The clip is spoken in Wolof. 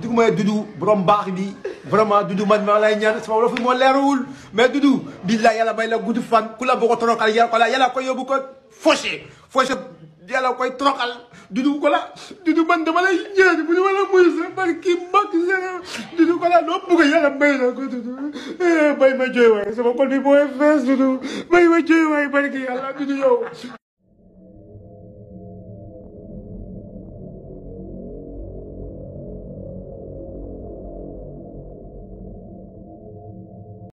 dugg may Doudou borom baax bi vraiment Doudou man maa ma ñaan sama wolof moo leerul mais Doudou billahi yàlla bay la gudd fan ku la bëgg a toroxal yàlla ko la yàlla koy yóbbu ko fauché fauché koy toroxal Doudou ko la Doudou man dama lay ñaan bu ñu ma la muy sa barki mag sa Doudou ko la doo bëgg yàlla may la ko Doudou bay eh, ma jooy waay sama xol bi mooy fees Doudou bay ma jooy waay barki yàlla Doudou yow